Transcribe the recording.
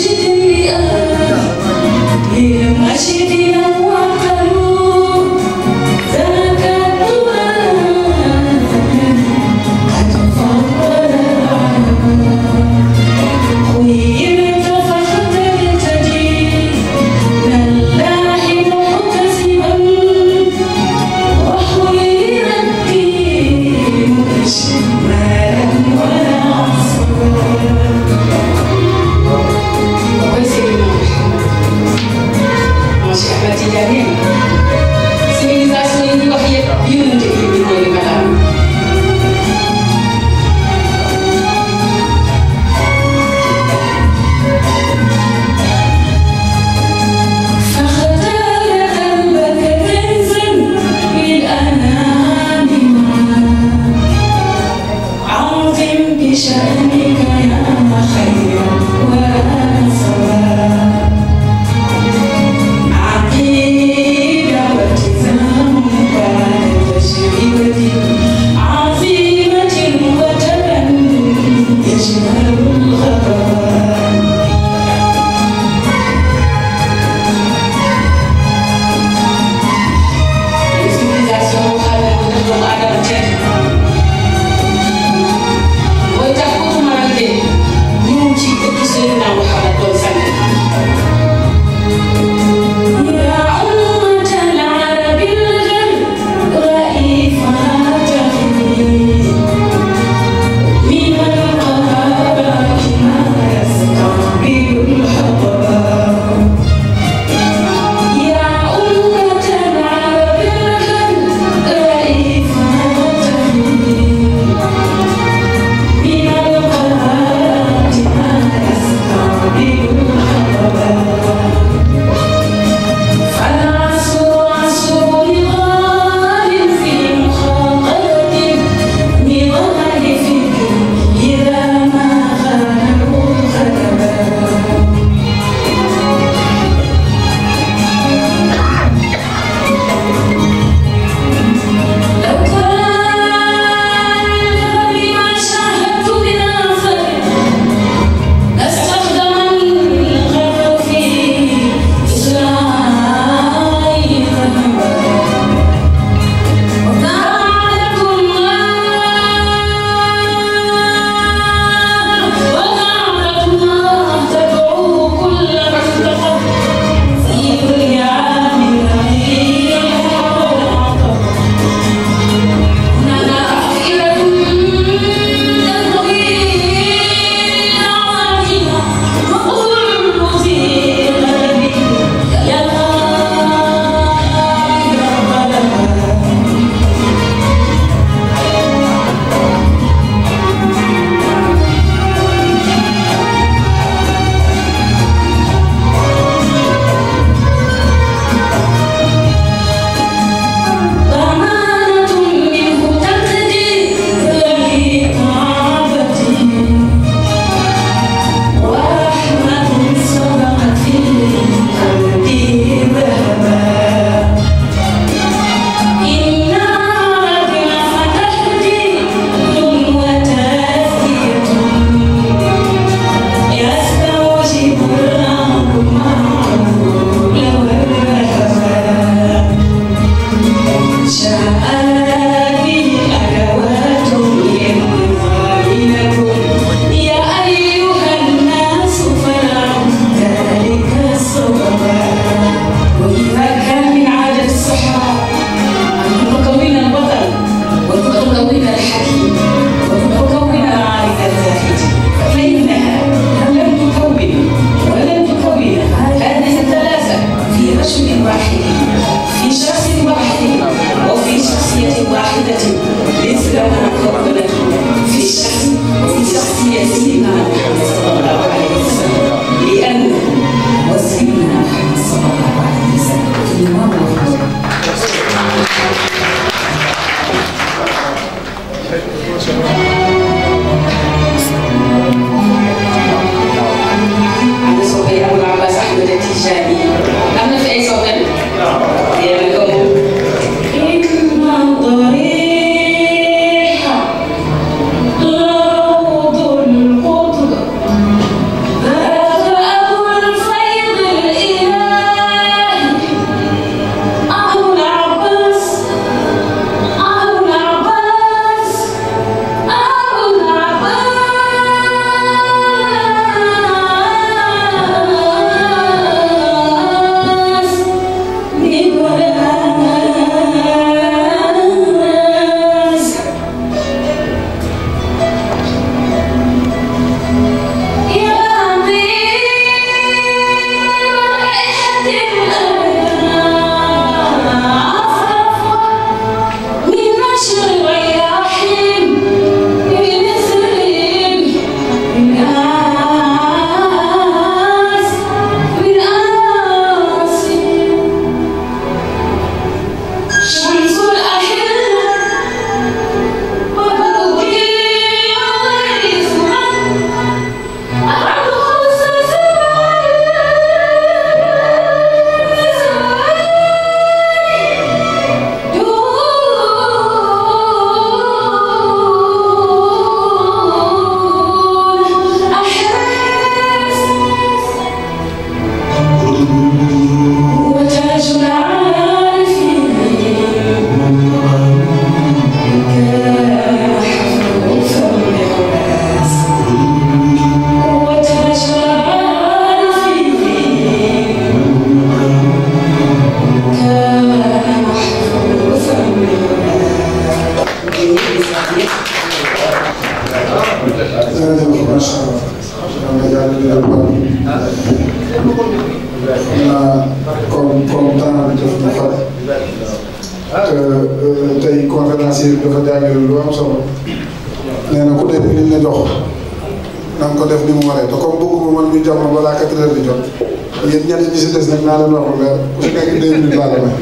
hoje Gracias. Thank you. def ñu fare te tey conférence yi dafa jàngale lu am solo nee na ku def li ñu la jox na ko def ni mu waree te comme bëgguma man ñu jàmm balaa quatre heures di jot yéen ñenn ñi si des nag naa leen wax lu leer ku si nekk